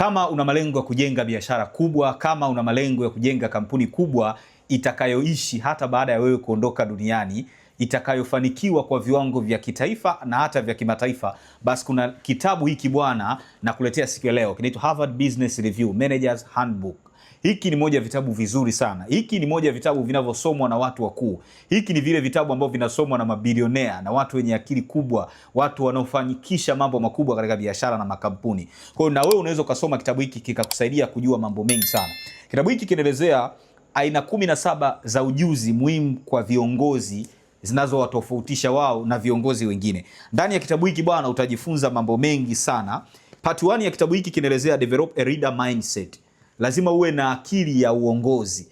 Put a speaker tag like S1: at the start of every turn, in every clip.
S1: Kama una malengo ya kujenga biashara kubwa, kama una malengo ya kujenga kampuni kubwa itakayoishi hata baada ya wewe kuondoka duniani, itakayofanikiwa kwa viwango vya kitaifa na hata vya kimataifa, basi kuna kitabu hiki bwana na kuletea siku ya leo, kinaitwa Harvard Business Review Managers Handbook. Hiki ni moja ya vitabu vizuri sana. Hiki ni moja ya vitabu vinavyosomwa na watu wakuu. Hiki ni vile vitabu ambavyo vinasomwa na mabilionea na watu wenye akili kubwa, watu wanaofanikisha mambo makubwa katika biashara na makampuni. Kwa hiyo na wewe unaweza ukasoma kitabu hiki kikakusaidia kujua mambo mengi sana. Kitabu hiki kinaelezea aina kumi na saba za ujuzi muhimu kwa viongozi zinazowatofautisha wao na viongozi wengine. Ndani ya kitabu hiki bwana, utajifunza mambo mengi sana. Part 1 ya kitabu hiki kinaelezea develop a reader mindset lazima uwe na akili ya uongozi.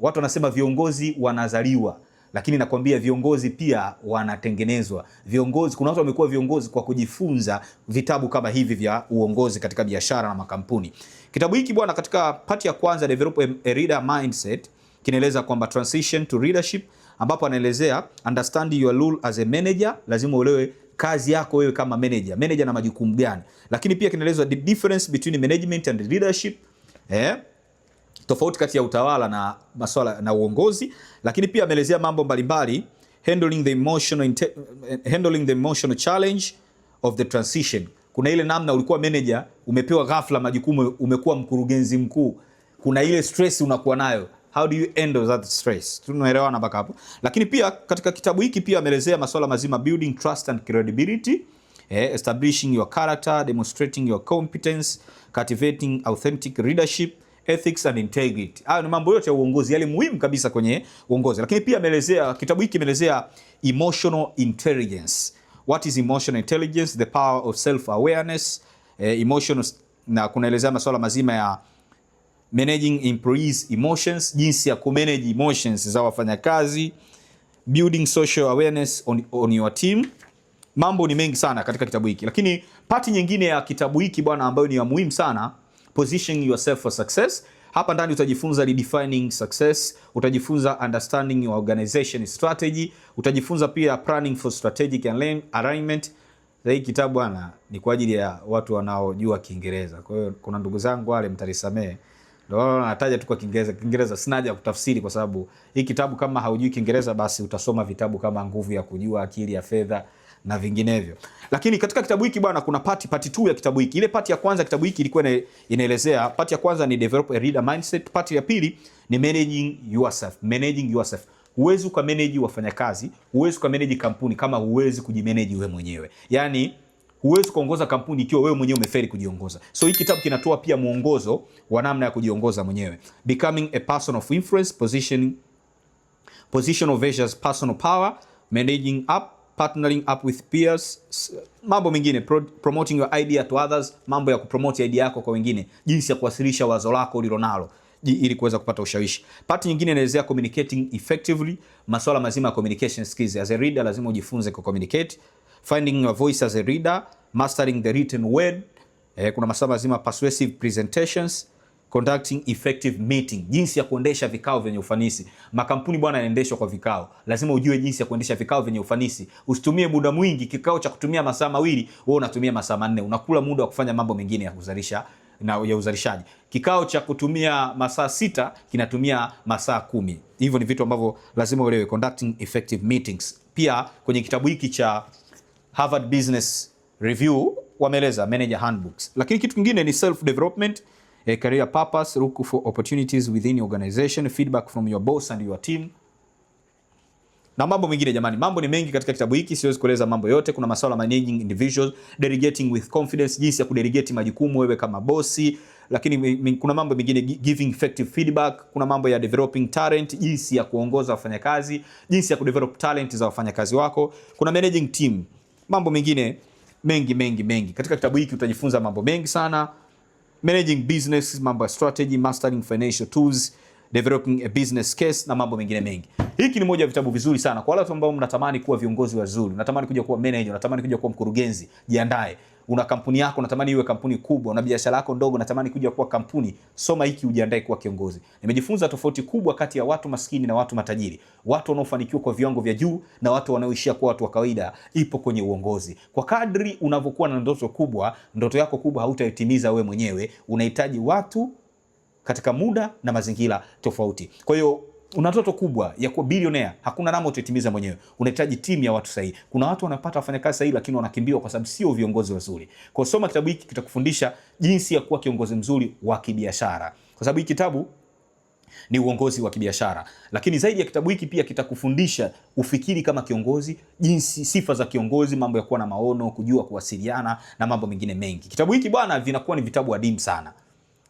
S1: Watu wanasema viongozi wanazaliwa, lakini nakwambia viongozi pia wanatengenezwa. Viongozi, kuna watu wamekuwa viongozi kwa kujifunza vitabu kama hivi vya uongozi katika biashara na makampuni. Kitabu hiki bwana, katika pati ya kwanza Develop a Leader Mindset kinaeleza kwamba transition to leadership, ambapo anaelezea understand your role as a manager, lazima uelewe kazi yako wewe kama manager, manager na majukumu gani, lakini pia kinaelezwa the difference between management and leadership eh, tofauti kati ya utawala na masuala na uongozi, lakini pia ameelezea mambo mbalimbali handling the emotional, handling the emotional challenge of the transition. Kuna ile namna ulikuwa manager umepewa ghafla majukumu, umekuwa mkurugenzi mkuu, kuna ile stress unakuwa nayo How do you handle that stress? Tunaelewana mpaka hapo. Lakini pia katika kitabu hiki pia ameelezea masuala mazima building trust and credibility eh, establishing your character, demonstrating your competence, cultivating authentic leadership, ethics and integrity. Hayo ni mambo yote ya uongozi yale muhimu kabisa kwenye uongozi, lakini pia ameelezea, kitabu hiki imeelezea emotional intelligence. What is emotional intelligence? The power of self awareness, eh, emotional na kunaelezea masuala mazima ya managing employees emotions, jinsi ya kumanage emotions za wafanyakazi, building social awareness on, on your team mambo ni mengi sana katika kitabu hiki, lakini pati nyingine ya kitabu hiki bwana, ambayo ni ya muhimu sana, position yourself for success. Hapa ndani utajifunza redefining success, utajifunza understanding your organization strategy, utajifunza pia planning for strategic alignment. Hii kitabu bwana ni kwa ajili ya watu wanaojua Kiingereza. Kwa hiyo kuna ndugu zangu wale, mtarisamee. ndio wao wanataja tu kwa Kiingereza. Kiingereza sina haja kutafsiri, kwa sababu hii kitabu kama haujui Kiingereza basi utasoma vitabu kama Nguvu ya Kujua, Akili ya Fedha na vinginevyo. Lakini katika kitabu hiki bwana, kuna pati pati 2 ya kitabu hiki. Ile pati ya kwanza kitabu hiki ilikuwa inaelezea, pati ya kwanza ni develop a reader mindset, pati ya pili ni managing yourself, managing yourself. Huwezi ukamanage wafanyakazi, huwezi ukamanage kampuni kama huwezi kujimeneji wewe mwenyewe. Yaani huwezi kuongoza kampuni ikiwa wewe mwenyewe umefeli kujiongoza. So hii kitabu kinatoa pia mwongozo wa namna ya kujiongoza mwenyewe. Becoming a person of influence, position, positional versus personal power, managing up partnering up with peers, mambo mengine pro, promoting your idea to others, mambo ya kupromote idea yako kwa wengine, jinsi ya kuwasilisha wazo lako ulilonalo ili kuweza kupata ushawishi. Part nyingine inaelezea communicating effectively, masuala mazima ya communication skills. As a reader lazima ujifunze ku communicate, finding your voice as a reader, mastering the written word. Eh, kuna masuala mazima persuasive presentations conducting effective meeting, jinsi ya kuendesha vikao vyenye ufanisi. Makampuni bwana yanaendeshwa kwa vikao, lazima ujue jinsi ya kuendesha vikao vyenye ufanisi. Usitumie muda mwingi, kikao cha kutumia masaa mawili wewe unatumia masaa manne, unakula muda wa kufanya mambo mengine ya kuzalisha na ya uzalishaji. Kikao cha kutumia masaa sita kinatumia masaa kumi. Hivyo ni vitu ambavyo lazima uelewe, conducting effective meetings. Pia kwenye kitabu hiki cha Harvard Business Review wameeleza manager handbooks, lakini kitu kingine ni self development a eh, career purpose, look for opportunities within your organization, feedback from your boss and your team na mambo mengine. Jamani, mambo ni mengi katika kitabu hiki, siwezi kueleza mambo yote. Kuna masuala managing individuals, delegating with confidence, jinsi ya kudelegate majukumu wewe kama bosi, lakini kuna mambo mengine giving effective feedback. Kuna mambo ya developing talent, jinsi ya kuongoza wafanyakazi, jinsi ya kudevelop talent za wafanyakazi wako. Kuna managing team, mambo mengine mengi mengi mengi. Katika kitabu hiki utajifunza mambo mengi sana managing business, mambo ya strategy, mastering financial tools developing a business case na mambo mengine mengi. Hiki ni moja ya vitabu vizuri sana kwa wale ambao mnatamani kuwa viongozi wazuri, unatamani kuja kuwa manager, unatamani kuja kuwa mkurugenzi, jiandae. Una kampuni yako unatamani iwe kampuni kubwa, una biashara yako ndogo unatamani kuja kuwa kampuni, soma hiki ujiandae kuwa kiongozi. Nimejifunza tofauti kubwa kati ya watu maskini na watu matajiri, watu wanaofanikiwa kwa viwango vya juu na watu wanaoishia kuwa watu wa kawaida, ipo kwenye uongozi. Kwa kadri unavyokuwa na ndoto kubwa, ndoto yako kubwa hautaitimiza wewe mwenyewe, unahitaji watu katika muda na mazingira tofauti. Kwa hiyo una ndoto kubwa ya kuwa bilionea, hakuna namna utaitimiza mwenyewe, unahitaji timu ya watu sahihi. Kuna watu wanapata wafanyakazi sahihi, lakini wanakimbiwa kwa sababu sio viongozi wazuri. Kwa soma kitabu hiki, kitakufundisha jinsi ya kuwa kiongozi mzuri wa kibiashara, kwa sababu hiki kitabu ni uongozi wa kibiashara. Lakini zaidi ya kitabu hiki pia kitakufundisha ufikiri kama kiongozi, jinsi sifa za kiongozi, mambo ya kuwa na maono, kujua kuwasiliana na mambo mengine mengi. Kitabu hiki bwana, vinakuwa ni vitabu adimu sana.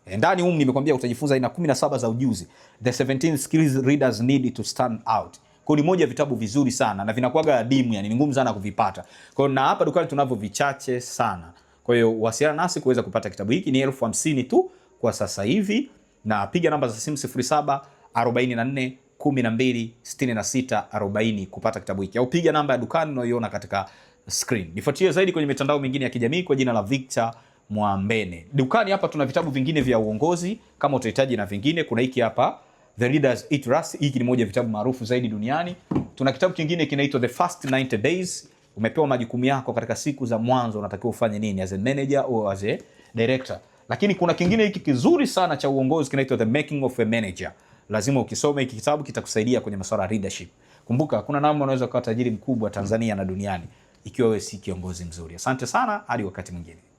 S1: Eh, ndani humu nimekwambia utajifunza aina 17 za ujuzi, the 17 skills readers need to stand out. Kwa ni moja vitabu vizuri sana na vinakuaga adimu, yani ni ngumu sana kuvipata. Kwa na hapa dukani tunavyo vichache sana. Kwa hiyo wasiliana nasi kuweza kupata kitabu hiki, ni elfu hamsini tu kwa sasa hivi, na piga namba za simu 07 44 kupata kitabu hiki, au piga namba ya dukani unayoiona katika screen. Nifuatie zaidi kwenye mitandao mingine ya kijamii kwa jina la Victor Mwambene. Dukani hapa tuna vitabu vingine vya uongozi kama utahitaji na vingine. Kuna hiki hapa The Leaders Eat Rust, hiki ni moja vitabu maarufu zaidi duniani. Tuna kitabu kingine kinaitwa The First 90 Days. Umepewa majukumu yako katika siku za mwanzo, unatakiwa ufanye nini as a manager au as a director. Lakini kuna kingine hiki kizuri sana cha uongozi kinaitwa The Making of a Manager. Lazima ukisome hiki kitabu, kitakusaidia kwenye masuala ya leadership. Kumbuka kuna namna unaweza kuwa tajiri mkubwa Tanzania na duniani ikiwa wewe si kiongozi mzuri. Asante sana, hadi wakati mwingine.